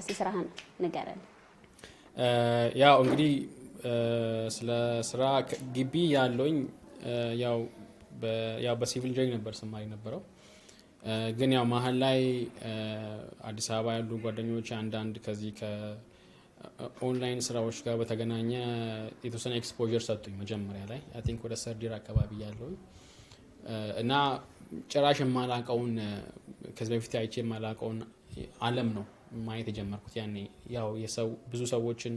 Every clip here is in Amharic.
እስቲ ስራህን ንገረን። ያው እንግዲህ ስለ ስራ ግቢ ያለውኝ ያው በሲቪል ኢንጂነሪንግ ነበር ስማሪ ነበረው ግን ያው መሀል ላይ አዲስ አበባ ያሉ ጓደኞች አንዳንድ ከዚህ ከኦንላይን ስራዎች ጋር በተገናኘ የተወሰነ ኤክስፖር ሰጡኝ። መጀመሪያ ላይ አይ ቲንክ ወደ ሰርዲር አካባቢ ያለው እና ጭራሽ የማላቀውን ከዚህ በፊት አይቼ የማላቀውን አለም ነው ማየት የጀመርኩት ያኔ ያው የሰው ብዙ ሰዎችን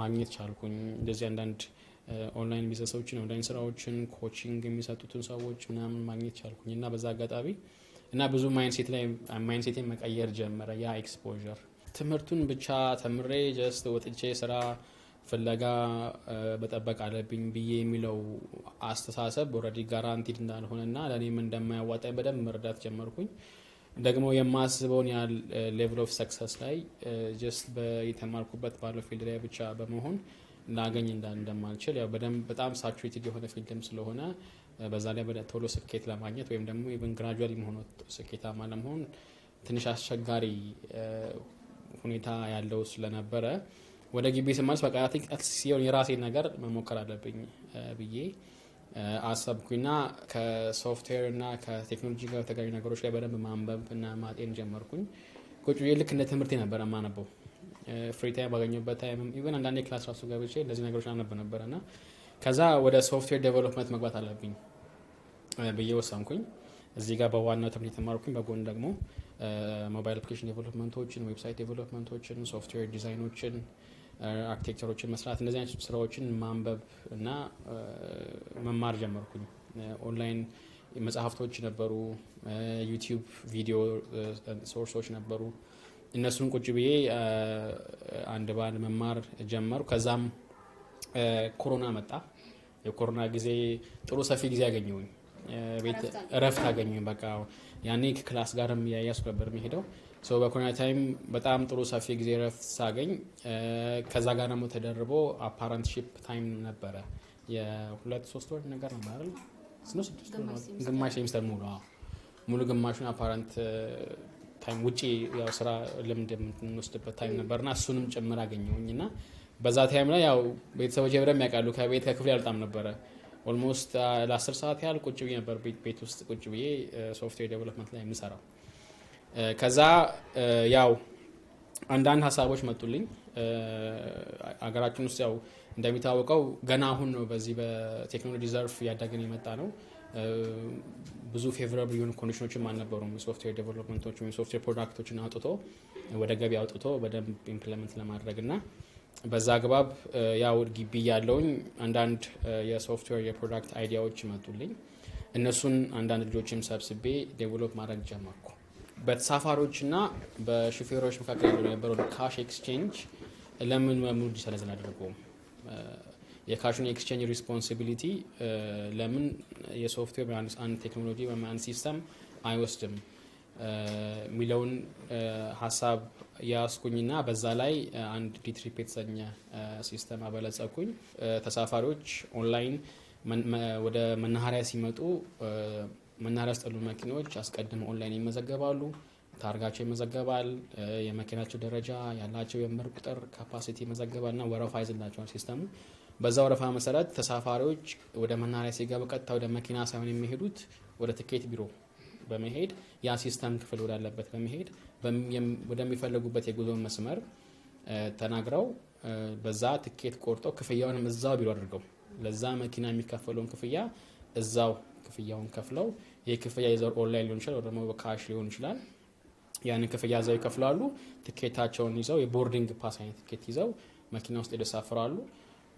ማግኘት ቻልኩኝ። እንደዚህ አንዳንድ ኦንላይን ቢዝነሶችን፣ ኦንላይን ስራዎችን፣ ኮቺንግ የሚሰጡትን ሰዎች ምናምን ማግኘት ቻልኩኝ እና በዛ አጋጣሚ እና ብዙ ማይንሴት ላይ ማይንሴቴን መቀየር ጀመረ ያ ኤክስፖር ትምህርቱን ብቻ ተምሬ ጀስት ወጥቼ ስራ ፍለጋ በጠበቅ አለብኝ ብዬ የሚለው አስተሳሰብ ረዲ ጋራንቲድ እንዳልሆነ ና ለእኔም እንደማያዋጣኝ በደንብ መረዳት ጀመርኩኝ። ደግሞ የማስበውን ያህል ሌቭል ኦፍ ሰክሰስ ላይ ጀስት የተማርኩበት ባለው ፊልድ ላይ ብቻ በመሆን ላገኝ እንደማልችል ያው በደንብ በጣም ሳቹሬትድ የሆነ ፊልድም ስለሆነ በዛ ላይ ቶሎ ስኬት ለማግኘት ወይም ደግሞ ኢቨን ግራጁዋል የመሆኑ ስኬታማ ለመሆን ትንሽ አስቸጋሪ ሁኔታ ያለው ስለነበረ ወደ ግቢ ስመልስ በቃ ሲሆን የራሴን ነገር መሞከር አለብኝ ብዬ አሰብኩኝና ከሶፍትዌር እና ከቴክኖሎጂ ጋር የተገኙ ነገሮች ላይ በደንብ ማንበብ እና ማጤን ጀመርኩኝ። ቁጭ ብዬ ልክ እንደ ትምህርቴ ነበረ ማነበው። ፍሪ ታይም ባገኘበት ታይም ኢቨን አንዳንዴ ክላስ ራሱ ገብቼ እንደዚህ ነገሮች አነብ ነበረ እና ከዛ ወደ ሶፍትዌር ዴቨሎፕመንት መግባት አለብኝ ብዬ ወሰንኩኝ። እዚህ ጋር በዋናው ትምህርት የተማርኩኝ በጎን ደግሞ ሞባይል አፕሊኬሽን ዴቨሎፕመንቶችን፣ ዌብሳይት ዴቨሎፕመንቶችን፣ ሶፍትዌር ዲዛይኖችን አርኪቴክቸሮችን መስራት እንደዚህ አይነት ስራዎችን ማንበብ እና መማር ጀመርኩኝ። ኦንላይን መጽሐፍቶች ነበሩ፣ ዩቲዩብ ቪዲዮ ሶርሶች ነበሩ። እነሱን ቁጭ ብዬ አንድ ባንድ መማር ጀመሩ። ከዛም ኮሮና መጣ። የኮሮና ጊዜ ጥሩ ሰፊ ጊዜ አገኘሁኝ፣ እረፍት አገኘሁኝ። በቃ ያኔ ከክላስ ጋርም እያያዝኩ ነበር የሚሄደው በኮሮና ታይም በጣም ጥሩ ሰፊ ጊዜ ረፍት ሳገኝ ከዛ ጋር ደግሞ ተደርቦ አፓረንትሺፕ ታይም ነበረ። የሁለት ሶስት ወር ነገር ነበር አይደል? ግማሽ ሴሚስተር ሙሉ ሙሉ ግማሹን አፓረንት ታይም ውጪ ያው ስራ ልምድ የምንወስድበት ታይም ነበርና እሱንም ጭምር አገኘውኝ እና በዛ ታይም ላይ ያው ቤተሰቦቼ በደንብ የሚያውቃሉ ከቤት ከክፍል ያልጣም ነበረ። ኦልሞስት ለአስር ሰዓት ያህል ቁጭ ብዬ ነበር ቤት ውስጥ ቁጭ ብዬ ሶፍትዌር ዴቨሎፕመንት ላይ የምሰራው ከዛ ያው አንዳንድ ሀሳቦች መጡልኝ። አገራችን ውስጥ ያው እንደሚታወቀው ገና አሁን ነው በዚህ በቴክኖሎጂ ዘርፍ እያደግን የመጣ ነው። ብዙ ፌቨራብል የሆኑ ኮንዲሽኖችም አልነበሩም። ሶፍትዌር ዴቨሎፕመንቶች ወይም ሶፍትዌር ፕሮዳክቶችን አውጥቶ ወደ ገቢ አውጥቶ በደንብ ኢምፕለመንት ለማድረግ እና በዛ አግባብ ያው ግቢ ያለውኝ አንዳንድ የሶፍትዌር የፕሮዳክት አይዲያዎች መጡልኝ። እነሱን አንዳንድ ልጆችም ሰብስቤ ዴቨሎፕ ማድረግ ጀመርኩ። በተሳፋሪዎች በተሳፋሪዎችና በሹፌሮች መካከል ያለው የነበረው ካሽ ኤክስቼንጅ ለምን በሙሉ ዲጂታላይዝ አላደረገውም? የካሽን ኤክስቼንጅ ሪስፖንሲቢሊቲ ለምን የሶፍትዌር አንድ ቴክኖሎጂ ወይም አንድ ሲስተም አይወስድም የሚለውን ሀሳብ ያስኩኝና በዛ ላይ አንድ ዲትሪፕ የተሰኘ ሲስተም አበለጸኩኝ። ተሳፋሪዎች ኦንላይን ወደ መናኸሪያ ሲመጡ መናሪያ ያስጠሉ መኪናዎች አስቀድመው ኦንላይን ይመዘገባሉ። ታርጋቸው ይመዘገባል። የመኪናቸው ደረጃ ያላቸው የመር ቁጥር ካፓሲቲ ይመዘገባል እና ወረፋ ይዝላቸዋል ሲስተሙ። በዛ ወረፋ መሰረት ተሳፋሪዎች ወደ መናሪያ ሲገቡ ቀጥታ ወደ መኪና ሳይሆን የሚሄዱት ወደ ትኬት ቢሮ በመሄድ ያ ሲስተም ክፍል ወዳለበት በመሄድ ወደሚፈለጉበት የጉዞ መስመር ተናግረው በዛ ትኬት ቆርጠው ክፍያውንም እዛው ቢሮ አድርገው ለዛ መኪና የሚከፈለውን ክፍያ እዛው ክፍያውን ከፍለው ይህ ክፍያ የዘር ኦንላይን ሊሆን ይችላል ደግሞ በካሽ ሊሆን ይችላል። ያንን ክፍያ ዘው ይከፍላሉ። ትኬታቸውን ይዘው የቦርዲንግ ፓስ አይነት ትኬት ይዘው መኪና ውስጥ ይደሳፍራሉ።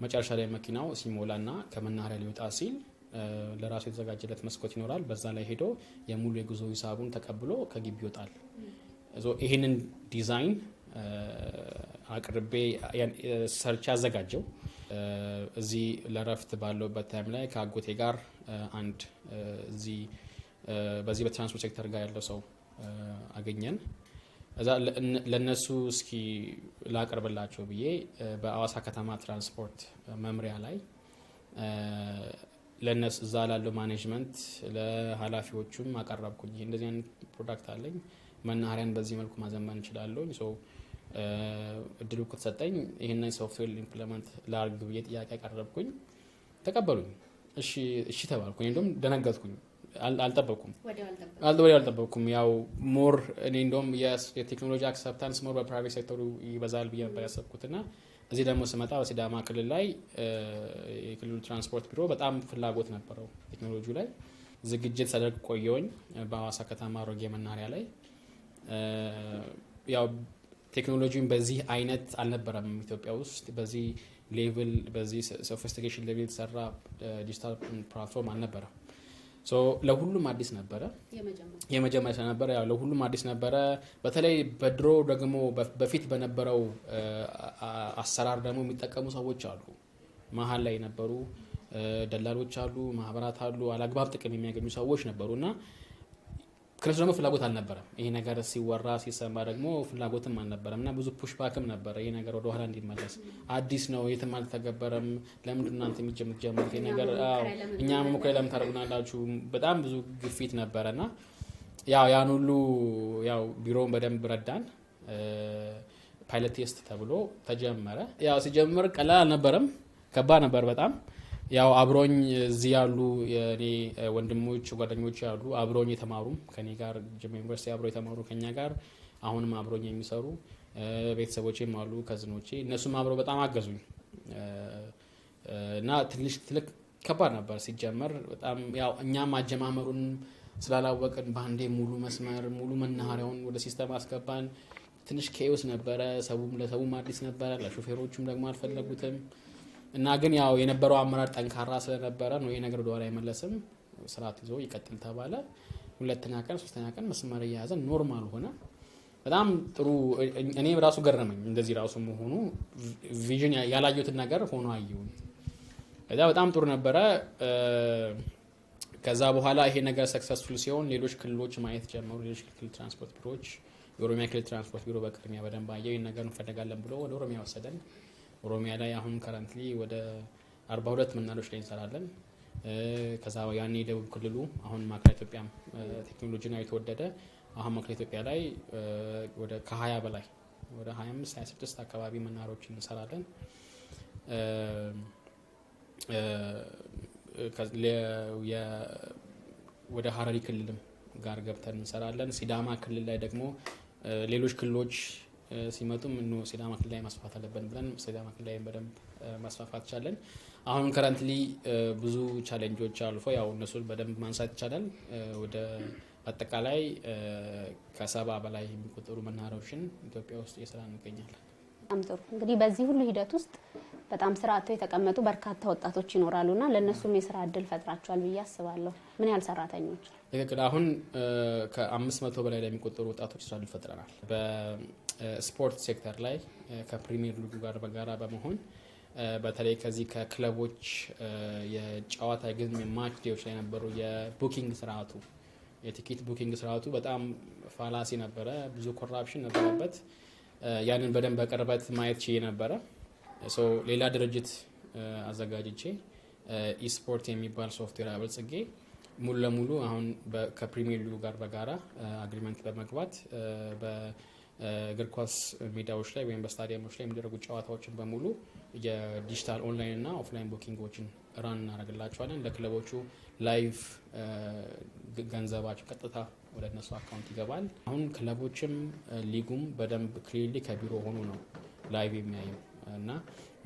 መጨረሻ ላይ መኪናው ሲሞላና ከመናኸሪያ ሊወጣ ሲል ለራሱ የተዘጋጀለት መስኮት ይኖራል። በዛ ላይ ሄዶ የሙሉ የጉዞ ሂሳቡን ተቀብሎ ከግቢ ይወጣል። ይህንን ዲዛይን አቅርቤ ሰርቻ አዘጋጀው። እዚህ ለረፍት ባለውበት ታይም ላይ ከአጎቴ ጋር አንድ እዚህ በዚህ በትራንስፖርት ሴክተር ጋር ያለው ሰው አገኘን። እዛ ለእነሱ እስኪ ላቅርብላቸው ብዬ በአዋሳ ከተማ ትራንስፖርት መምሪያ ላይ ለነሱ እዛ ላለው ማኔጅመንት ለኃላፊዎቹም አቀረብኩኝ። እንደዚህ አይነት ፕሮዳክት አለኝ፣ መናኸሪያን በዚህ መልኩ ማዘመን እንችላለኝ እድሉ ከተሰጠኝ ይህንን ሶፍትዌር ኢምፕለመንት ላርግ ብዬ ጥያቄ ያቀረብኩኝ ተቀበሉኝ። እሺ ተባልኩኝ። እንደውም ደነገጥኩኝ። አልጠበቅኩም ወዲ አልጠበቅኩም። ያው ሞር እኔ እንደም የቴክኖሎጂ አክሰፕታንስ ሞር በፕራይቬት ሴክተሩ ይበዛል ብዬ ነበር ና እዚህ ደግሞ ስመጣ በሲዳማ ክልል ላይ የክልሉ ትራንስፖርት ቢሮ በጣም ፍላጎት ነበረው ቴክኖሎጂ ላይ ዝግጅት ሰደግ ቆየውኝ በሐዋሳ ከተማ ሮጌ መናሪያ ላይ ያው ቴክኖሎጂን በዚህ አይነት አልነበረም ኢትዮጵያ ውስጥ በዚህ ሌቭል በዚህ ሶፊስቲኬሽን ሌቭል የተሰራ ዲጂታል ፕላትፎርም አልነበረም። ለሁሉም አዲስ ነበረ፣ የመጀመሪያ ስለነበረ ያው ለሁሉም አዲስ ነበረ። በተለይ በድሮ ደግሞ በፊት በነበረው አሰራር ደግሞ የሚጠቀሙ ሰዎች አሉ፣ መሀል ላይ ነበሩ፣ ደላሎች አሉ፣ ማህበራት አሉ፣ አላግባብ ጥቅም የሚያገኙ ሰዎች ነበሩ እና ክለሱ ደግሞ ፍላጎት አልነበረም። ይሄ ነገር ሲወራ ሲሰማ ደግሞ ፍላጎትም አልነበረም እና ብዙ ፑሽባክም ነበረ። ይሄ ነገር ወደ ኋላ እንዲመለስ አዲስ ነው፣ የትም አልተገበረም፣ ለምንድን እናንተ የሚጀምትጀምሩት ይሄ ነገር እኛ መሞከር ለምን ታደርጉናላችሁ? በጣም ብዙ ግፊት ነበረ እና ያው ያን ሁሉ ያው ቢሮውን በደንብ ረዳን። ፓይለት ቴስት ተብሎ ተጀመረ። ያው ሲጀምር ቀላል አልነበረም፣ ከባድ ነበር በጣም ያው አብሮኝ እዚህ ያሉ የኔ ወንድሞች ጓደኞች ያሉ አብሮኝ የተማሩም ከኔ ጋር ጅማ ዩኒቨርሲቲ አብሮ የተማሩ ከኛ ጋር አሁንም አብሮኝ የሚሰሩ ቤተሰቦቼም አሉ ከዝኖቼ እነሱም አብረው በጣም አገዙኝ እና ትንሽ ትልቅ ከባድ ነበር ሲጀመር በጣም ያው እኛም አጀማመሩን ስላላወቅን በአንዴ ሙሉ መስመር ሙሉ መናኸሪያውን ወደ ሲስተም አስገባን። ትንሽ ኬዮስ ነበረ። ሰቡም ለሰቡም አዲስ ነበረ። ለሾፌሮቹም ደግሞ አልፈለጉትም። እና ግን ያው የነበረው አመራር ጠንካራ ስለነበረ ነው ይሄ ነገር ወደኋላ አይመለስም፣ ስርዓት ይዞ ይቀጥል ተባለ። ሁለተኛ ቀን ሶስተኛ ቀን መስመር እያያዘ ኖርማል ሆነ። በጣም ጥሩ። እኔ ራሱ ገረመኝ እንደዚህ ራሱ መሆኑ ቪዥን ያላየትን ነገር ሆኖ አየሁ። ከዛ በጣም ጥሩ ነበረ። ከዛ በኋላ ይሄ ነገር ሰክሰስፉል ሲሆን ሌሎች ክልሎች ማየት ጀመሩ። ሌሎች ክልል ትራንስፖርት ቢሮዎች፣ የኦሮሚያ ክልል ትራንስፖርት ቢሮ በቅድሚያ በደንብ አየው ይህን ነገር እንፈልጋለን ብሎ ወደ ኦሮሚያ ወሰደን። ኦሮሚያ ላይ አሁን ከረንትሊ ወደ 42 መናዶች ላይ እንሰራለን። ከዛ ያኔ ደቡብ ክልሉ አሁን ማዕከላዊ ኢትዮጵያ ቴክኖሎጂ ነው የተወደደ። አሁን ማዕከላዊ ኢትዮጵያ ላይ ወደ ከ20 በላይ ወደ 25 26 አካባቢ መናሮች እንሰራለን። ወደ ሀረሪ ክልልም ጋር ገብተን እንሰራለን። ሲዳማ ክልል ላይ ደግሞ ሌሎች ክልሎች ሲመጡም እኖ ሲዳማ ክልል ላይ ማስፋፋት አለብን ብለን ሲዳማ ክልል ላይ በደንብ ማስፋፋት ቻለን። አሁን ከረንትሊ ብዙ ቻሌንጆች አልፎ ያው እነሱን በደንብ ማንሳት ይቻላል። ወደ አጠቃላይ ከሰባ በላይ የሚቆጠሩ መናኸሪያዎችን ኢትዮጵያ ውስጥ እየሰራ እንገኛለን። በጣም ጥሩ። እንግዲህ በዚህ ሁሉ ሂደት ውስጥ በጣም ስራ አጥተው የተቀመጡ በርካታ ወጣቶች ይኖራሉና ለእነሱም የስራ እድል ፈጥራቸዋል ብዬ አስባለሁ። ምን ያህል ሰራተኞች? ትክክል። አሁን ከአምስት መቶ በላይ ለሚቆጠሩ ወጣቶች ስራ እድል ፈጥረናል። ስፖርት ሴክተር ላይ ከፕሪሚየር ሊጉ ጋር በጋራ በመሆን በተለይ ከዚህ ከክለቦች የጨዋታ ግዝም ማች ዴዎች ላይ ነበሩ የቡኪንግ ስርዓቱ የቲኬት ቡኪንግ ስርአቱ በጣም ፋላሲ ነበረ፣ ብዙ ኮራፕሽን ነበረበት። ያንን በደንብ በቅርበት ማየት ችዬ ነበረ። ሌላ ድርጅት አዘጋጅቼ ኢስፖርት የሚባል ሶፍትዌር አበልጽጌ ሙሉ ለሙሉ አሁን ከፕሪሚየር ሊጉ ጋር በጋራ አግሪመንት በመግባት እግር ኳስ ሜዳዎች ላይ ወይም በስታዲየሞች ላይ የሚደረጉ ጨዋታዎችን በሙሉ የዲጂታል ኦንላይን እና ኦፍላይን ቡኪንጎችን ራን እናደርግላቸዋለን። ለክለቦቹ ላይቭ ገንዘባቸው ቀጥታ ወደ እነሱ አካውንት ይገባል። አሁን ክለቦችም ሊጉም በደንብ ክሊርሊ ከቢሮ ሆኖ ነው ላይቭ የሚያየው እና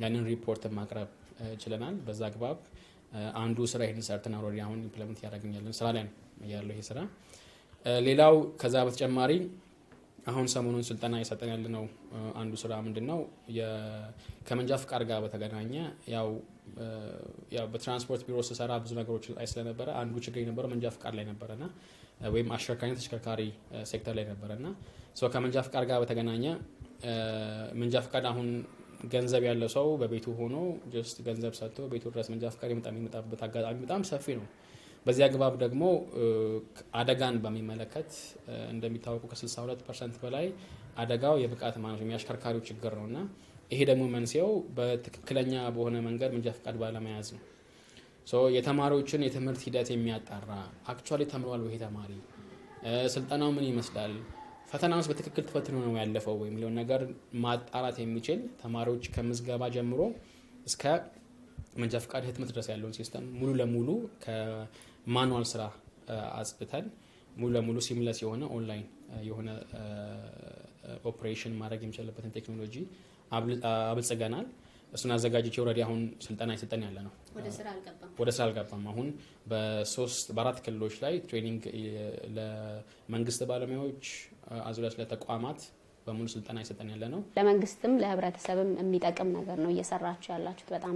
ያንን ሪፖርት ማቅረብ ችለናል። በዛ አግባብ አንዱ ስራ ይህን ሰርተን አሁን ኢምፕለመንት ያደረግኛለን ስራ ላይ ነው ያለው ይሄ ስራ። ሌላው ከዛ በተጨማሪ አሁን ሰሞኑን ስልጠና እየሰጠን ነው። አንዱ ስራ ምንድን ነው? ከመንጃ ፍቃድ ጋር በተገናኘ ያው በትራንስፖርት ቢሮ ስሰራ ብዙ ነገሮች ላይ ስለነበረ አንዱ ችግር የነበረው መንጃ ፍቃድ ላይ ነበረ ና ወይም አሽከርካሪ ተሽከርካሪ ሴክተር ላይ ነበረ ና ከመንጃ ፍቃድ ጋር በተገናኘ መንጃ ፍቃድ አሁን ገንዘብ ያለ ሰው በቤቱ ሆኖ ጀስት ገንዘብ ሰጥቶ ቤቱ ድረስ መንጃ ፍቃድ የመጣ የሚመጣበት አጋጣሚ በጣም ሰፊ ነው። በዚህ አግባብ ደግሞ አደጋን በሚመለከት እንደሚታወቁ ከ62 ፐርሰንት በላይ አደጋው የብቃት ማነስ የአሽከርካሪው ችግር ነው እና ይሄ ደግሞ መንስኤው በትክክለኛ በሆነ መንገድ መንጃ ፈቃድ ባለመያዝ ነው። የተማሪዎችን የትምህርት ሂደት የሚያጣራ አክቹዋሊ ተምሯል ወይ ተማሪ፣ ስልጠናው ምን ይመስላል፣ ፈተናውስ በትክክል ተፈትኖ ነው ያለፈው የሚለውን ነገር ማጣራት የሚችል ተማሪዎች ከምዝገባ ጀምሮ እስከ መንጃ ፈቃድ ህትመት ድረስ ያለውን ሲስተም ሙሉ ለሙሉ ማኑዋል ስራ አጽድተን ሙሉ ለሙሉ ሲምለስ የሆነ ኦንላይን የሆነ ኦፕሬሽን ማድረግ የሚችልበትን ቴክኖሎጂ አብልጽገናል። እሱን አዘጋጅቼ ወረዲ አሁን ስልጠና ይሰጠን ያለ ነው። ወደ ስራ አልገባም። አሁን በሶስት በአራት ክልሎች ላይ ትሬኒንግ ለመንግስት ባለሙያዎች አዙሪያስ ለተቋማት በሙሉ ስልጠና ይሰጠን ያለ ነው። ለመንግስትም ለህብረተሰብም የሚጠቅም ነገር ነው እየሰራችሁ ያላችሁት በጣም